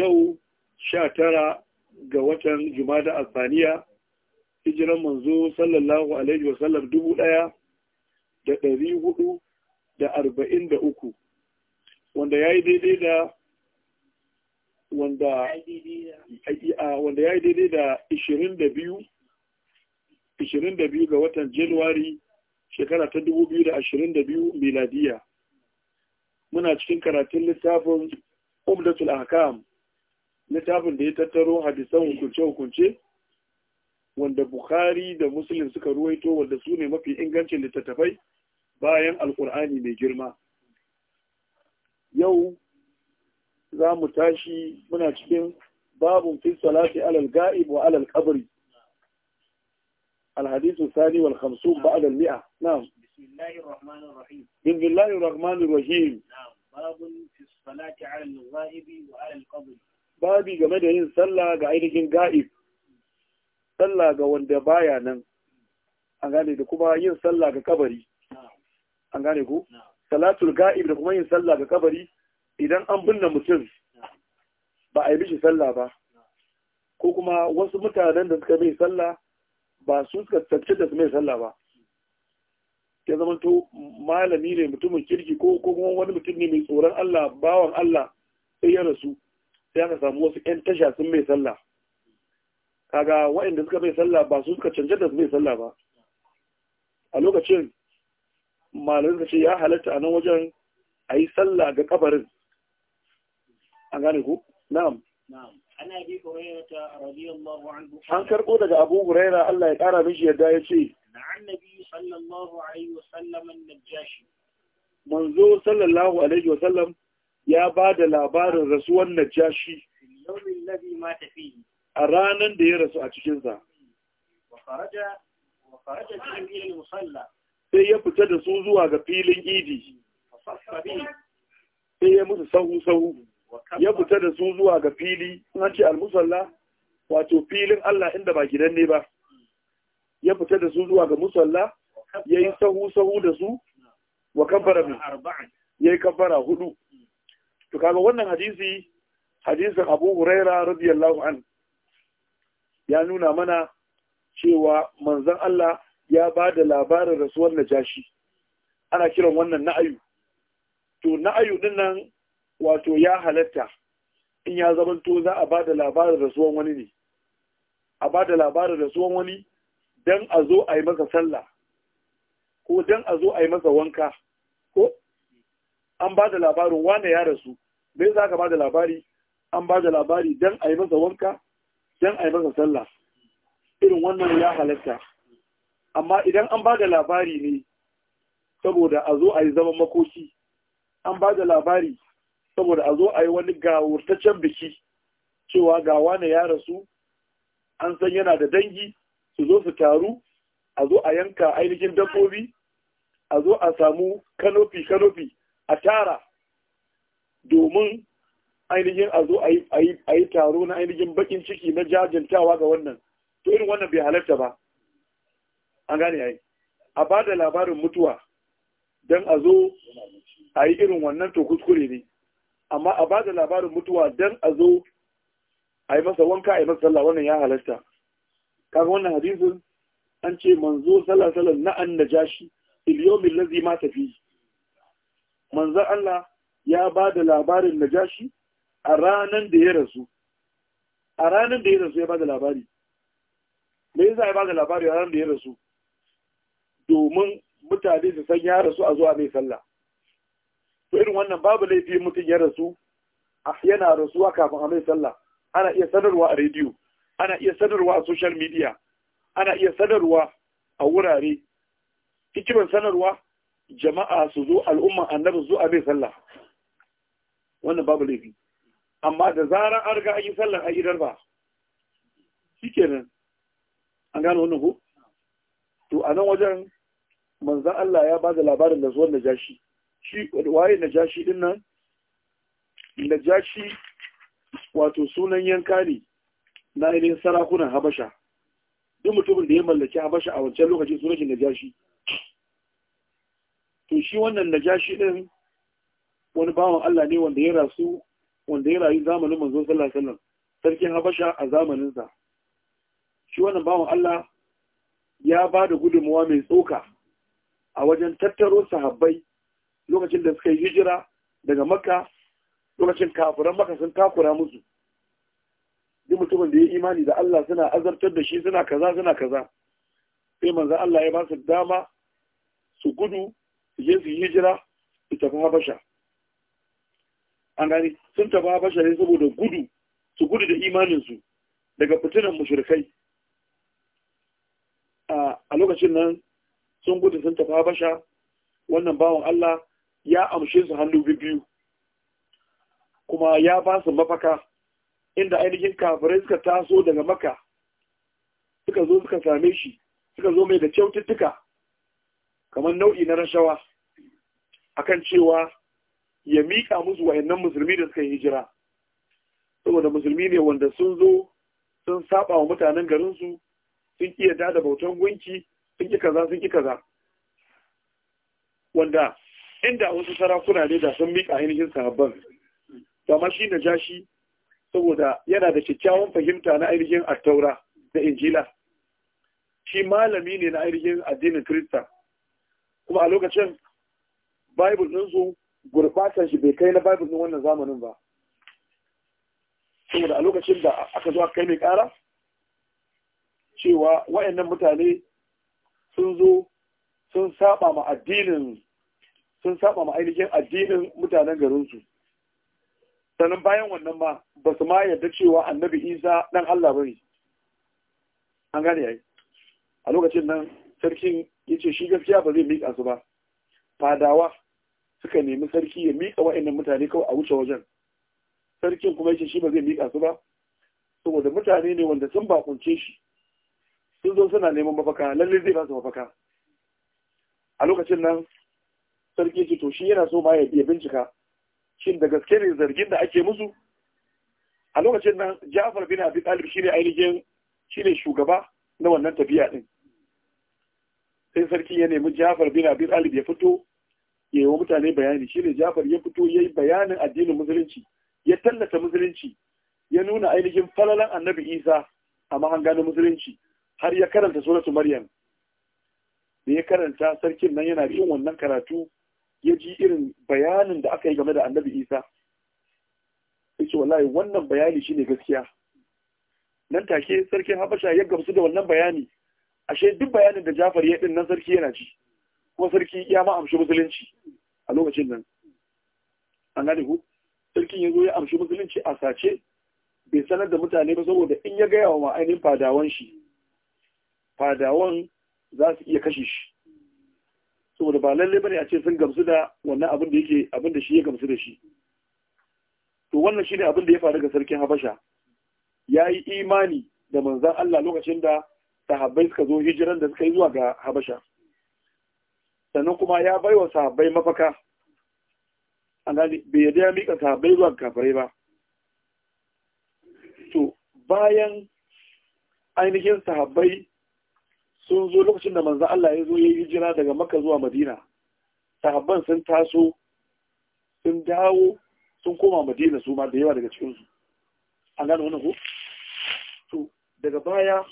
yau sha tara ga watan jumada alfaniya hijiran manzo sallallahu alaihi wasallam dubu ɗaya da ɗari hudu da arba'in da uku wanda ya yi daidai da wanda ya yi daidai da ishirin da biyu ishirin da biyu ga watan januwari shekara ta dubu biyu da ashirin da biyu miladiya muna cikin karatun littafin umdatul ahkam littafin da ya tattaro hadisan hukunce-hukunce wanda Bukhari da Musulun suka ruwaito wanda su ne mafi ingancin littattafai bayan Alƙur'ani mai girma. Yau za mu tashi muna cikin babun fi salati alal ga'ib wa alal qabri. الحديث الثاني والخمسون بعد المئة نعم بسم الله الرحمن الرحيم بسم الله الرحمن الرحيم نعم باب في alal على babi game da yin sallah ga ainihin ga'ib sallah ga wanda baya nan an gane da kuma yin sallah ga kabari an gane ku salatul ga'ib da kuma yin sallah ga kabari idan an binne mutum ba a yi mishi sallah ba ko kuma wasu mutanen da suka mai sallah ba su suka tafi da su mai sallah ba ya zama to malami ne mutumin kirki ko kuma wani mutum ne mai tsoron Allah bawan Allah sai ya rasu sai aka samu wasu 'yan tasha sun mai sallah kaga waɗanda suka mai sallah ba su suka da su mai sallah ba a lokacin malamin suka ce ya halatta a nan wajen a yi sallah ga kabarin an gane ku na'am an karɓo daga abu huraira Allah ya ƙara mishi yadda ya ce manzo sallallahu alaihi wasallam ya ba da labarin rasuwan najashi a ranar da ya rasu a cikinsa sai ya fita da su zuwa ga filin idi sai ya musu sahu-sahu ya fita da su zuwa ga fili an ce al-musalla, wato filin Allah inda ba gidan ne ba ya fita da su zuwa ga musalla ya yi sahu-sahu da su wa kafara ya yi kafara hudu to kaga wannan hadisi hadisin Abu Huraira radiyallahu an ya nuna mana cewa manzon Allah ya ba da labarin rasuwar Najashi ana kiran wannan na'ayu to na'ayu din nan wato ya halatta in ya to za a bada da labarin rasuwar wani ne a ba da labarin rasuwan wani don a zo a yi masa sallah ko dan a zo a yi masa wanka ko an ba da labarin wane ya rasu me za ka ba da labari an ba da labari don a yi masa wanka don a yi masa sallah irin wannan ya halatta amma idan an ba da labari ne saboda a zo a yi zaman makoki an ba da labari saboda a zo a yi wani gawurtaccen biki cewa ga wane ya rasu an san yana da dangi su zo su taru a zo a yanka ainihin dabbobi a zo a samu kanofi kanofi a tara domin ainihin a zo a yi taro na ainihin bakin ciki na jajantawa ga wannan to irin wannan bai halarta ba an gane yayi a ba da labarin mutuwa don a zo a yi irin wannan to kuskure ne amma a ba da labarin mutuwa don a zo a yi masa wanka a yi masa sallah wannan ya halarta kaga wannan hadisin an ce manzo sallah sallah na an najashi iliyomin lazi ma tafi manzan Allah ya ba da labarin najashi a ranar da ya rasu a ranar da ya rasu ya ba da labari me yasa ya ba da labari a ranar da ya rasu domin mutane su san ya rasu a zuwa mai sallah to irin wannan babu laifi mutum ya rasu yana rasuwa kafin a mai sallah ana iya sanarwa a rediyo ana iya sanarwa a social media ana iya sanarwa a wurare hikiman sanarwa jama'a su zo al'umma annabi zuwa bai sallah wannan babu laifi amma da zarar an riga an yi sallah a gidan ba shikenan an gano wannan ko to a nan wajen manzan Allah ya bada labarin da zuwan najashi shi waye najashi din nan najashi wato sunan yanka ne na ainihin sarakunan habasha duk mutumin da ya mallaki habasha a wancan lokaci sunan najashi to shi wannan jashi din wani bawan Allah ne wanda ya rasu wanda ya rayu zamanin manzon sallallahu alaihi sarkin Habasha a zamaninsa. shi wannan bawan Allah ya ba da gudunmuwa mai tsoka a wajen tattaro sahabbai lokacin da suka yi hijira daga Makka lokacin kafiran Makka sun takura musu duk mutumin da ya yi imani da Allah suna azartar da shi suna kaza suna kaza sai manzo Allah ya ba su dama su gudu jinsin su hijira su tafi habasha an gani sun tafi habasha ne saboda gudu su gudu da imaninsu daga fitinan mushrikai a lokacin nan sun gudu sun tafi habasha wannan bawan Allah ya amshe su hannu biyu kuma ya ba su mafaka inda ainihin kafirai suka taso daga maka suka zo suka same shi suka zo mai da kyaututtuka kamar nau'i na rashawa akan cewa ya miƙa musu wayannan musulmi da suka yi hijira saboda musulmi ne wanda sun zo sun saba wa mutanen garinsu sun iya da bautan gunki sun ƙi kaza sun ƙi kaza wanda inda wasu sarakuna ne da sun miƙa ainihin sahabban to amma shi jashi saboda yana da kyakkyawan fahimta na ainihin attaura da injila shi malami ne na ainihin addinin krista kuma a lokacin bible din su gurbatan shi bai kai na bible ɗin wannan zamanin ba saboda a lokacin da aka zo a kai mai kara cewa wayannan mutane sun zo sun saba ma addinin sun saba ma ainihin addinin mutanen garinsu sannan bayan wannan ma ba su ma yarda cewa annabi isa dan allah bari. an gane yayi a lokacin nan sarkin ya ce shi gaskiya ba zai miƙa su ba fadawa suka nemi sarki ya miƙa wa'annan mutane kawai a wuce wajen sarkin kuma yake shi ba zai miƙa su ba saboda mutane ne wanda sun bakunce shi sun zo suna neman mafaka lalle zai ba su mafaka a lokacin nan sarki ce to shi yana so ma ya bincika shin da gaske ne zargin da ake musu a lokacin nan Ja'far bin Abi Talib ne ainihin ne shugaba na wannan tafiya din sai sarki ya nemi Ja'far bin Abi Talib ya fito ya mutane bayani shi ne jafar ya fito ya yi bayanin addinin musulunci ya tallata musulunci ya nuna ainihin falalan annabi isa a mahanganin musulunci har ya karanta suratu maryam da ya karanta sarkin nan yana yin wannan karatu ya ji irin bayanin da aka yi game da annabi isa yake wallahi wannan bayani shine gaskiya nan take sarkin habasha ya gamsu da wannan bayani ashe duk bayanin da jafar ya din nan sarki yana ci kuma sarki ya ma amshi musulunci a lokacin nan an gane ku sarkin ya zo ya amshi musulunci a sace bai sanar da mutane ba saboda in ya gaya wa ainihin fadawan shi fadawan za su iya kashe shi saboda ba lalle bane a ce sun gamsu da wannan abin da yake abin da shi ya gamsu da shi to wannan shine abin da ya faru ga sarkin Habasha ya yi imani da manzan Allah lokacin da sahabbai suka zo hijiran da suka yi zuwa ga Habasha sannan kuma ya bai wa sahabbai mafaka an gani bai yadda ya miƙa sahabbai zuwa kafirai ba to bayan ainihin sahabbai sun zo lokacin da manzo Allah ya zo ya yi jira daga Makka zuwa Madina sahabban sun taso sun dawo sun koma Madina su ma da yawa daga cikinsu. an gani wannan ku? to daga baya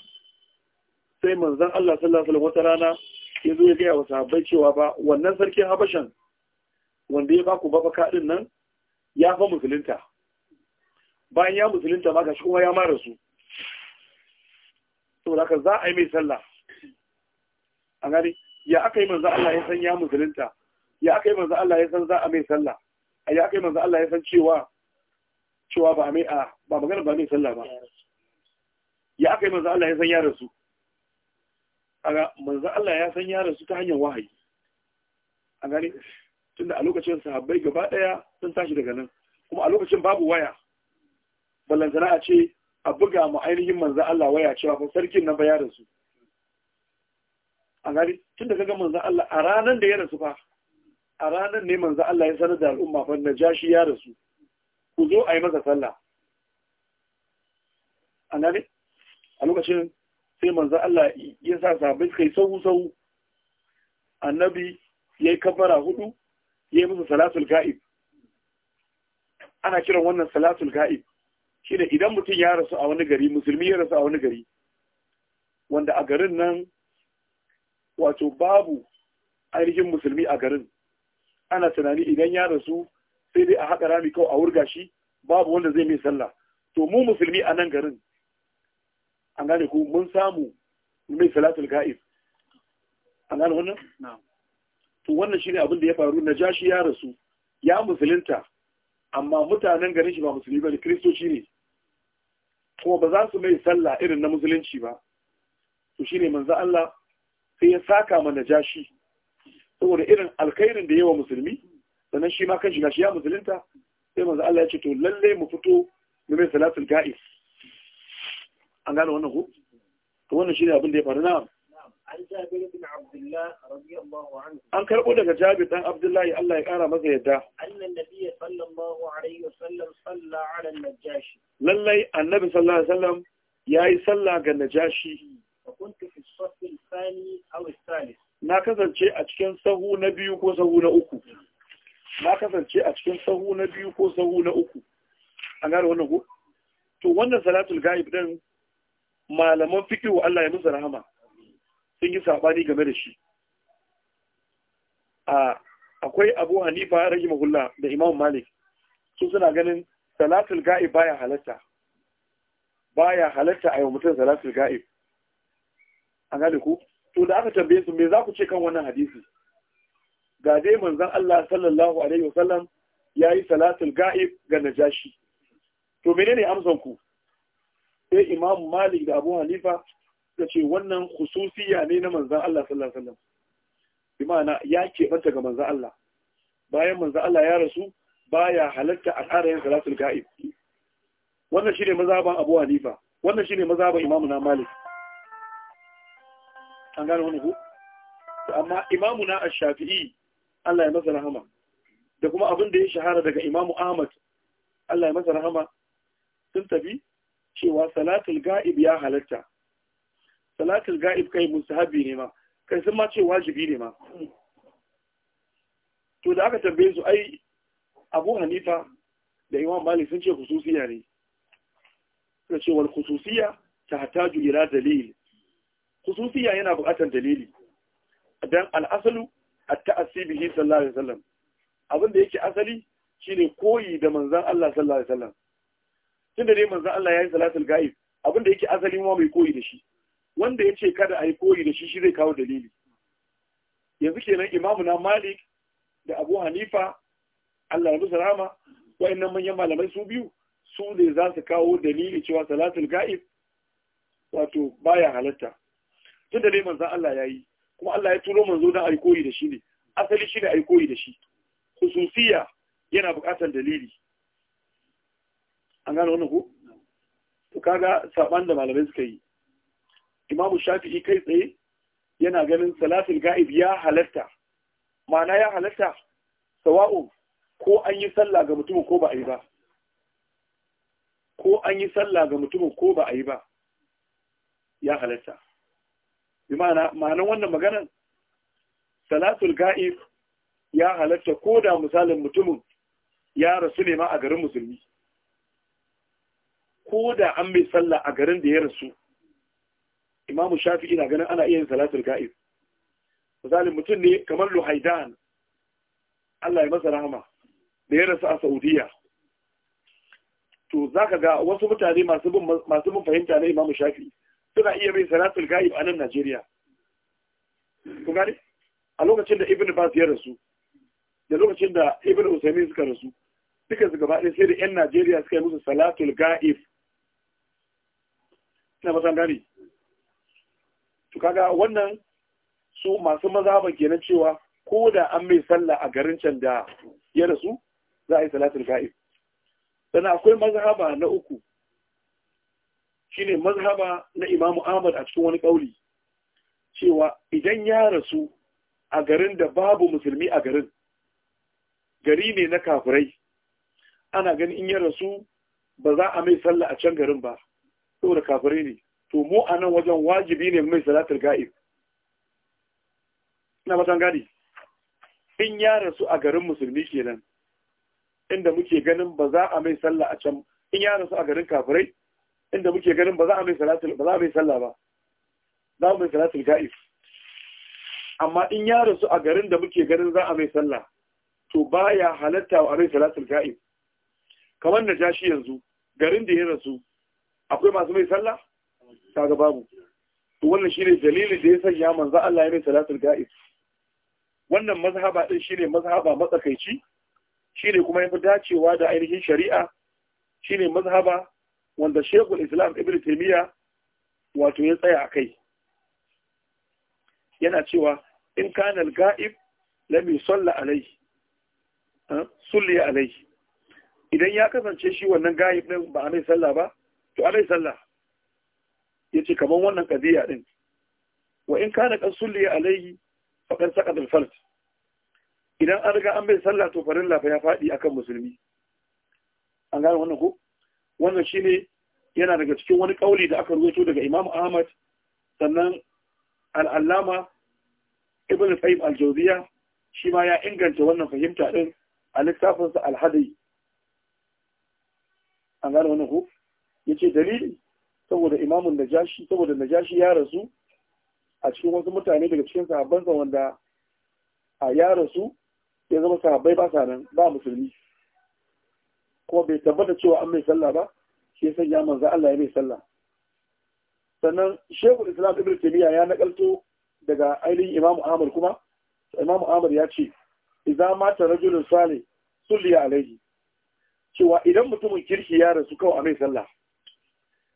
sai manzan Allah sallallahu alaihi wasallam wata rana ya zo ya gaya wa sahabbai cewa ba wannan sarkin habashan wanda ya baku babaka din nan ya fa musulunta bayan ya musulunta ma gashi kuma ya mara su saboda haka za a yi mai sallah a gani ya aka yi manzo Allah ya san ya musulunta ya aka yi manzo Allah ya san za a mai sallah a ya aka yi manzo Allah ya san cewa cewa ba mai a ba magana ba mai sallah ba ya aka yi manzo Allah ya san ya rasu Aga manzo Allah ya san yaran su ta hanyar wahayi a gani tunda a lokacin sahabbai gaba daya sun tashi daga nan kuma a lokacin babu waya ballantana a ce a buga mu ainihin manzo Allah waya cewa fa sarkin nan ba su a gani tunda kaga manzo Allah a ranan da ya rasu fa a ranan ne manzo Allah ya sanar da al'umma fa jashi ya rasu ku zo a yi masa sallah a gani a lokacin sai manzo Allah ya sa sabai suka yi sau annabi yayi kabbara hudu yayi musu salatul ga'ib ana kiran wannan salatul ga'ib shine idan mutum ya rasu a wani gari musulmi ya rasu a wani gari wanda a garin nan wato babu ainihin musulmi a garin ana tunani idan ya rasu sai dai a haƙa rami kawai a wurga shi babu wanda zai mai sallah to mu musulmi a nan garin an gane ku mun samu mai salatul ga'ib an gane wannan to wannan shine abin da ya faru najashi ya rasu ya musulunta amma mutanen garin shi ba musulmi bane kristoci ne kuma ba za su mai sallah irin na musulunci ba to shine manzo Allah sai ya saka ma najashi saboda irin alkhairin da yawa musulmi sannan shi ma kan shi gashi ya musulunta sai manzo Allah ya ce to lalle mu fito mu mai salatul ga'ib an gane wannan ko to wannan shine abin da ya faru na'am an An karɓo daga jabir dan abdullahi Allah ya ƙara masa yadda annan nabiy sallallahu alaihi wasallam salla ala najashi lallai annabi sallallahu alaihi wasallam yayi sallah ga najashi kuntu fi safi al-thani aw al-thalith na kasance a cikin sahu na biyu ko sahu na uku na kasance a cikin sahu na biyu ko sahu na uku an gane wannan ko to wannan salatul ghaib din malaman wa Allah ya musu rahama sun yi sabani game da shi akwai abu hanifa mahulla da imam malik su suna ganin salatul ga'ib baya halatta baya halatta a yau mutum salatul ga'ib an gane ku to da aka tambaye su me za ku ce kan wannan hadisi ga dai manzon Allah sallallahu alaihi wasallam yayi salatul ga'ib ga najashi to menene amsan ku sai imamu malik da abu halifa da ce wannan khususiya ne na manzan Allah sallallahu alaihi wasallam ya keɓanta ga manzan Allah bayan manzan Allah ya rasu baya halatta a ƙara yin salatul ga'ib wannan shi ne mazaban abu halifa wannan shi ne mazaban imamu na malik an gane wani ku amma imamu na ashafi'i shafii Allah ya masa rahama da kuma abin da ya shahara daga imamu ahmad Allah ya masa rahama sun tafi cewa salatul ga'ib ya halatta salatul ga'ib kai musahabi ne ma kai sun ma ce wajibi ne ma to da aka tambaye su ai abu hanifa da imam malik sun ce khususiya ne suka ce wal khususiya ta hataju ila dalil khususiya yana buƙatar dalili dan al'asalu at-ta'assi bihi sallallahu alaihi wasallam abin da yake asali shine koyi da manzon Allah sallallahu alaihi wasallam tunda dai manzo Allah ya yi salatul ghaib abin da yake asalin wa mai koyi da shi wanda ya ce kada a yi koyi da shi shi zai kawo dalili yanzu kenan imamu na malik da abu hanifa allah ya rama wa'annan manyan malamai su biyu su ne za su kawo dalili cewa salatul ga'ib wato baya halatta tun da dai manzan allah ya yi kuma allah ya turo manzo dan a koyi da shi ne asali shi ne a koyi da shi hususiya yana buƙatar dalili an gane wannan ku? to kaga saban da malamai suka yi imamu shafi'i kai tsaye yana ganin salatul ga'ib ya halatta ma'ana ya halatta sawa'u ko an yi sallah ga mutumin ko ba a yi ba ko an yi sallah ga mutum ko ba a yi ba ya halatta bi ma'ana ma'anan wannan maganan salatul ga'ib ya halatta ko da misalin mutumin ya rasu ne ma a garin musulmi ko da an mai sallah a garin da ya rasu imamu Shafi ina ganin ana iya yin salatul ga'ib misali mutum ne kamar luhaidan Allah ya masa rahama da ya rasu a saudiya to za ka ga wasu mutane masu bin fahimta na imamu shafi suna iya mai salatul ga'ib a nan najeriya ku gani a lokacin da ibn bas ya rasu da lokacin da ibn usaimin suka rasu duka su gaba ɗaya sai da yan najeriya suka yi musu salatul ga'ib ina ba to kaga wannan su masu mazhaban kenan cewa ko da an mai sallah a garin can da ya rasu za a yi salatul ga'ib dan akwai mazhaba na uku shine mazhaba na Imam Ahmad a cikin wani kauli cewa idan ya rasu a garin da babu musulmi a garin gari ne na kafirai ana ganin in ya rasu ba za a mai sallah a can garin ba saboda kafirai ne to mu a nan wajen wajibi ne mai salatul ga'ib ina matan gadi in ya rasu a garin musulmi kenan inda muke ganin ba za a mai sallah a can in ya rasu a garin kafirai inda muke ganin ba za a mai salatul ba za a mai sallah ba za mu mai salatul ga'ib amma in ya rasu a garin da muke ganin za a mai sallah to baya halatta a mai salatul ga'ib kamar najashi yanzu garin da ya rasu akwai masu mai sallah ga babu to wannan shine dalilin da ya sanya manzo Allah ya mai salatul ga'ib wannan mazhaba din shine mazhaba matsakaici shine kuma yafi dacewa da ainihin shari'a shine mazhaba wanda Sheikhul Islam Ibn Taymiyyah wato ya tsaya akai yana cewa in kana al-ga'ib lam yusalla alayhi sulli alayhi idan ya kasance shi wannan ga'ib din ba mai sallah ba to alai sallah ya ce kamar wannan ƙadiyya ɗin wa in kana kan sulli alaihi faɗan saka falt? idan an riga an bai sallah to farin lafa ya faɗi akan musulmi an gane wannan ko wannan ne yana daga cikin wani ƙauli da aka rubuto daga imam ahmad sannan al'allama ibn qayyim al shi ma ya inganta wannan fahimta din a littafinsa al an gane wannan ko yace dalili saboda imamun najashi saboda najashi ya rasu a cikin wasu mutane daga cikin sahabbansa wanda a ya rasu ya zama sahabbai ba sa nan ba musulmi kuma bai tabbata cewa an mai sallah ba shi ya sanya manzo Allah ya mai sallah sannan Shehu Islam Ibn Taymiyyah ya nakalto daga ainihin Imam Ahmad kuma Imam Ahmad ya ce idza mata rajulun salih sulli alaihi cewa idan mutumin kirki ya rasu kawai a mai sallah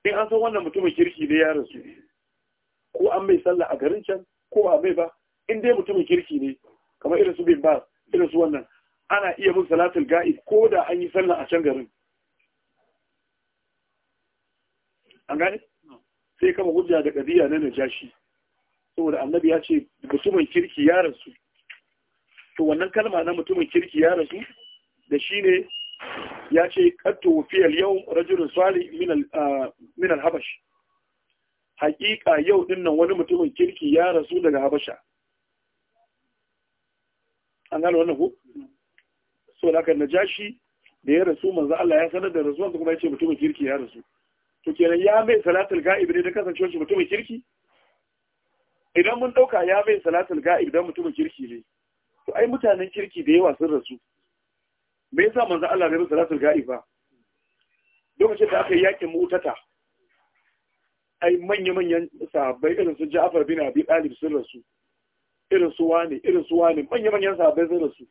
in an san wannan mutumin kirki ne ya rasu ko an mai sallah a garin can ko a mai ba in dai mutumin kirki ne kamar irin su bin ba irin su wannan ana iya bin salatul ga'ib ko da an yi sallah a can garin an gane sai kama hujja da kadiya na najashi saboda annabi ya ce mutumin kirki ya rasu to wannan kalma na mutumin kirki ya rasu da shi ne ya ce kattu fiyal yau rajulun swali min al-habash ah, hakika yau dinnan wani mutumin kirki ya rasu daga habasha an gano wannan ku so da aka najashi da ya rasu manzo Allah ya sanar da rasuwan kuma ya ce mutumin kirki ya rasu to kenan ya mai salatul ga'ib ne da kasancewar shi mutumin kirki idan mun dauka ya mai salatul ga'ib dan mutumin kirki ne to ai mutanen kirki da yawa sun rasu me yasa manzo Allah bai musu rasul ga'iba lokacin da aka yi mutata ai manya-manyan sahabbai irin su Ja'far bin Abi Talib sun rasu irin su wani irin su wani manya-manyan sahabbai sun rasu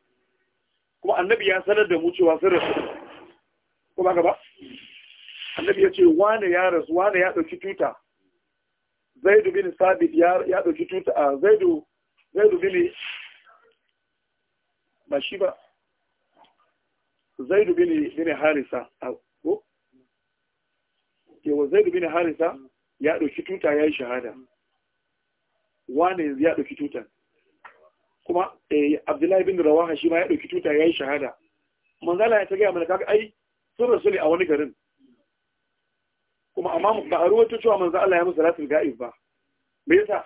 kuma annabi ya sanar da mu cewa sun rasu kuma ka ba annabi ya ce wane ya rasu wane ya dauki tuta Zaidu bin Sabit ya ya dauki tuta Zaidu Zaidu bin ba shi ba zaidu bin harisa ko cewa zaidu bin harisa ya ɗauki tuta ya yi shahada wane ya ɗauki tuta? kuma eh, abdullahi bin rawaha shi ma ya ɗauki tuta ya yi shahada manzala ya ta gaya mana kaga ai sun rasu a wani garin kuma amma ba a ruwato cewa manzo Allah ya musu latin ga'ib ba me yasa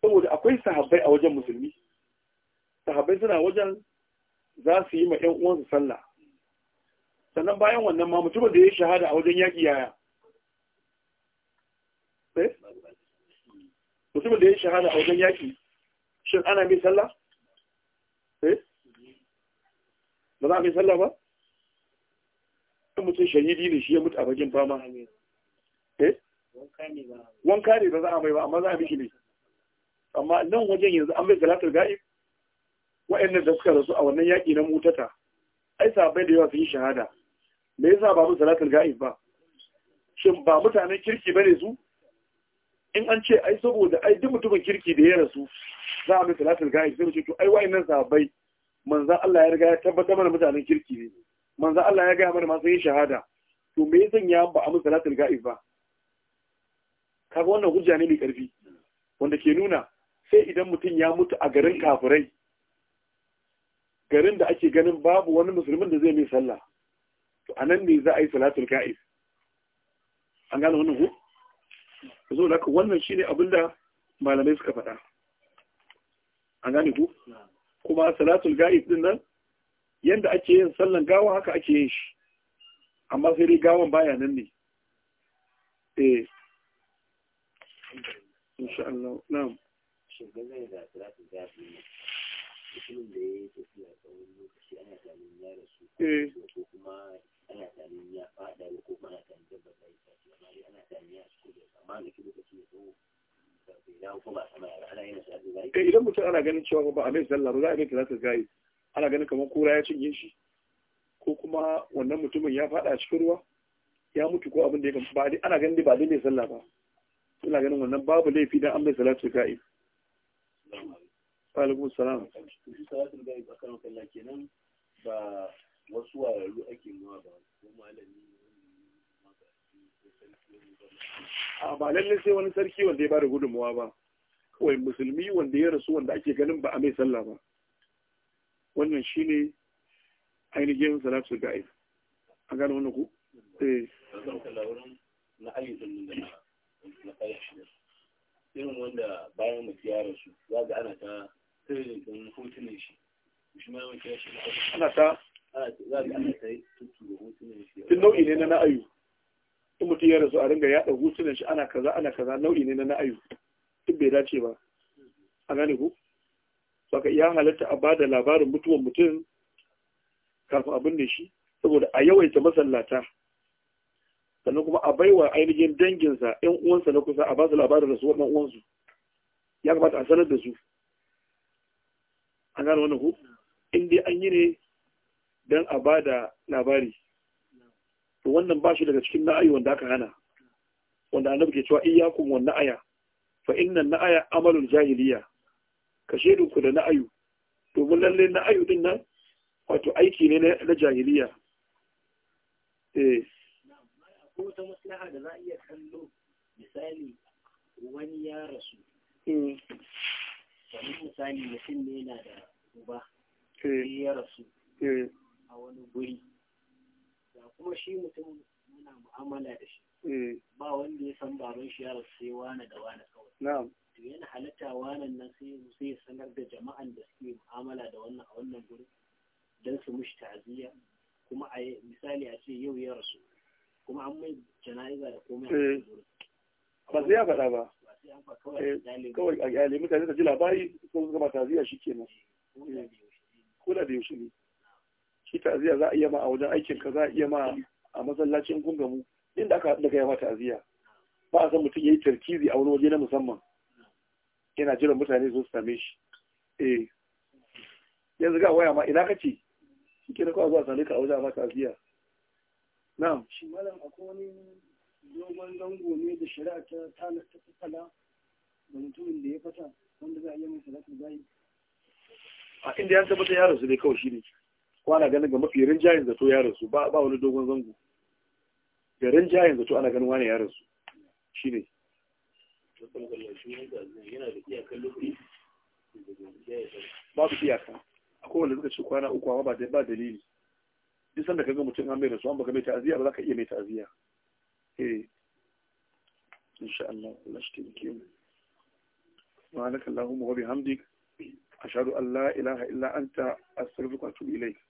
saboda akwai sahabbai a wajen musulmi sahabbai suna wajen za su yi ma ƴan uwansu sallah sannan bayan wannan ma mutumin da ya shahada a wajen yaƙi yaya eh? mutum da ya shahada a wajen yaƙi shin ana mai sallah eh? ba za a mai sallah ba ɗan mutum shahidi ne shi ya mutu a bakin fama eh? wanka ne ba za a mai ba amma za a mishi ne amma nan wajen yanzu an bai galatar ga'ib wa'annan da suka rasu a wannan yaƙi na mutata ai sabai da yawa sun yi shahada me yasa ba mu salatul ga'ib ba shin ba mutanen kirki bane su in an ce ai saboda ai duk mutumin kirki da ya rasu za a mai salatul ga'ib sai mu ce to ai wa'annan sabai manzan Allah ya riga ya tabbatar mana mutanen kirki ne manzan Allah ya gaya mana masu yin shahada to me yasa ya ba a mu salatul ga'ib ba kaga wannan hujja ne mai karfi wanda ke nuna sai idan mutum ya mutu a garin kafirai garin da ake ganin babu wani musulmin da zai mai sallah to anan ne za a yi salatul ka'is an gane wannan ku zo da wannan shine abin da malamai suka faɗa an gane ku kuma salatul ga'if din nan yanda ake yin sallan gawa haka ake yin shi amma sai dai gawan baya nan ne eh insha Allah na'am shi ga zai da salatul ga'if mutumin da ya yi tafiya tsawon lokaci ana ya ya eh. ko kuma ana idan mutum ana ganin cewa ba a mai sallar za a mai kilasar gayi ana ganin kamar kura ya cinye shi ko kuma wannan mutumin ya fada cikin ruwa ya mutu ko abin da ya kamfa ba ana ganin ba dai mai sallah ba ina ganin wannan babu laifi dan an mai salatu alaikun salam. a ba lallai sai wani sarki wanda ya bada gudunmawa ba kawai musulmi wanda ya rasu wanda ake ganin ba a mai sallah ba wannan shine ainihin salatul ga'ib a gano wani ku eh na ayyukan da na irin wanda bayan mutu ya rasu za ga ana ta sai ya nau'i ne na na'ayu in mutum ya rasu a ringa yaɗa hutunan shi ana kaza ana kaza nau'i ne na na'ayu duk bai dace ba a gane ku baka iya halatta a bada labarin mutuwan mutum kafin abin da shi saboda a yawaita masallata sannan kuma a baiwa ainihin danginsa yan uwansa na kusa a ba su labarin rasuwar ɗan uwansu ya kamata a sanar da su an gane wannan ku in dai an yi ne don a ba da labari to wannan ba shi daga cikin na'ayi wanda aka hana wanda annabi ke cewa iyakun wan na'aya fa inna na'aya amalul jahiliya ka shedu ku da na'ayu domin lalle na'ayu din nan wato aiki ne na jahiliya eh ko ta maslaha da za iya kallo misali wani ya rasu hmm. kamar misali mutum ne yana da uba eh. sai ya rasu eh. a wani guri da kuma shi mutum muna mu'amala da shi eh. ba wanda ya san baban shi ya rasu sai wane da wane kawai to yana halatta wanan nan sai sai sanar da jama'an da suke mu'amala da wannan a wannan guri don su mushi ta'aziyya kuma a misali a ce yau ya rasu kuma an mai jana'iza da komai a ba sai ya faɗa ba Eh, kawai a yale mutane ta ji labari ko su gama taziya shi kenan eh, ko da yaushe ne shi taziya za a iya ma a wajen aikin ka za a iya ma a masallacin gungamu inda aka haɗu da kai ma taziya ba a san mutum ya yi tarkizi a wani waje na musamman yana jiran mutane zo su same shi eh yanzu ga waya ma ina kace shi ke da kawai zuwa sane ka a wajen ma taziya na'am shi malam akwai wani dogon zango ne da shari'a ta tana ta tattala da mutumin da ya fata wanda za a yi mai salatul zai a inda ya tabbata yaron su ne kawai shi ne kwana ganin ga mafi rinjayen zato yaron su ba wani dogon zango da rinjayen zato ana ganin wani yaron su shi ne babu iyaka a kowane suka ce kwana uku amma ba dalili duk sanda ka ga mutum an mai rasu an baka mai ta'aziyya ba za ka iya mai ta'aziyya eh insha Allah Allah shi taimake mu subhanakallahumma wa bihamdik ashhadu an la ilaha illa anta astaghfiruka wa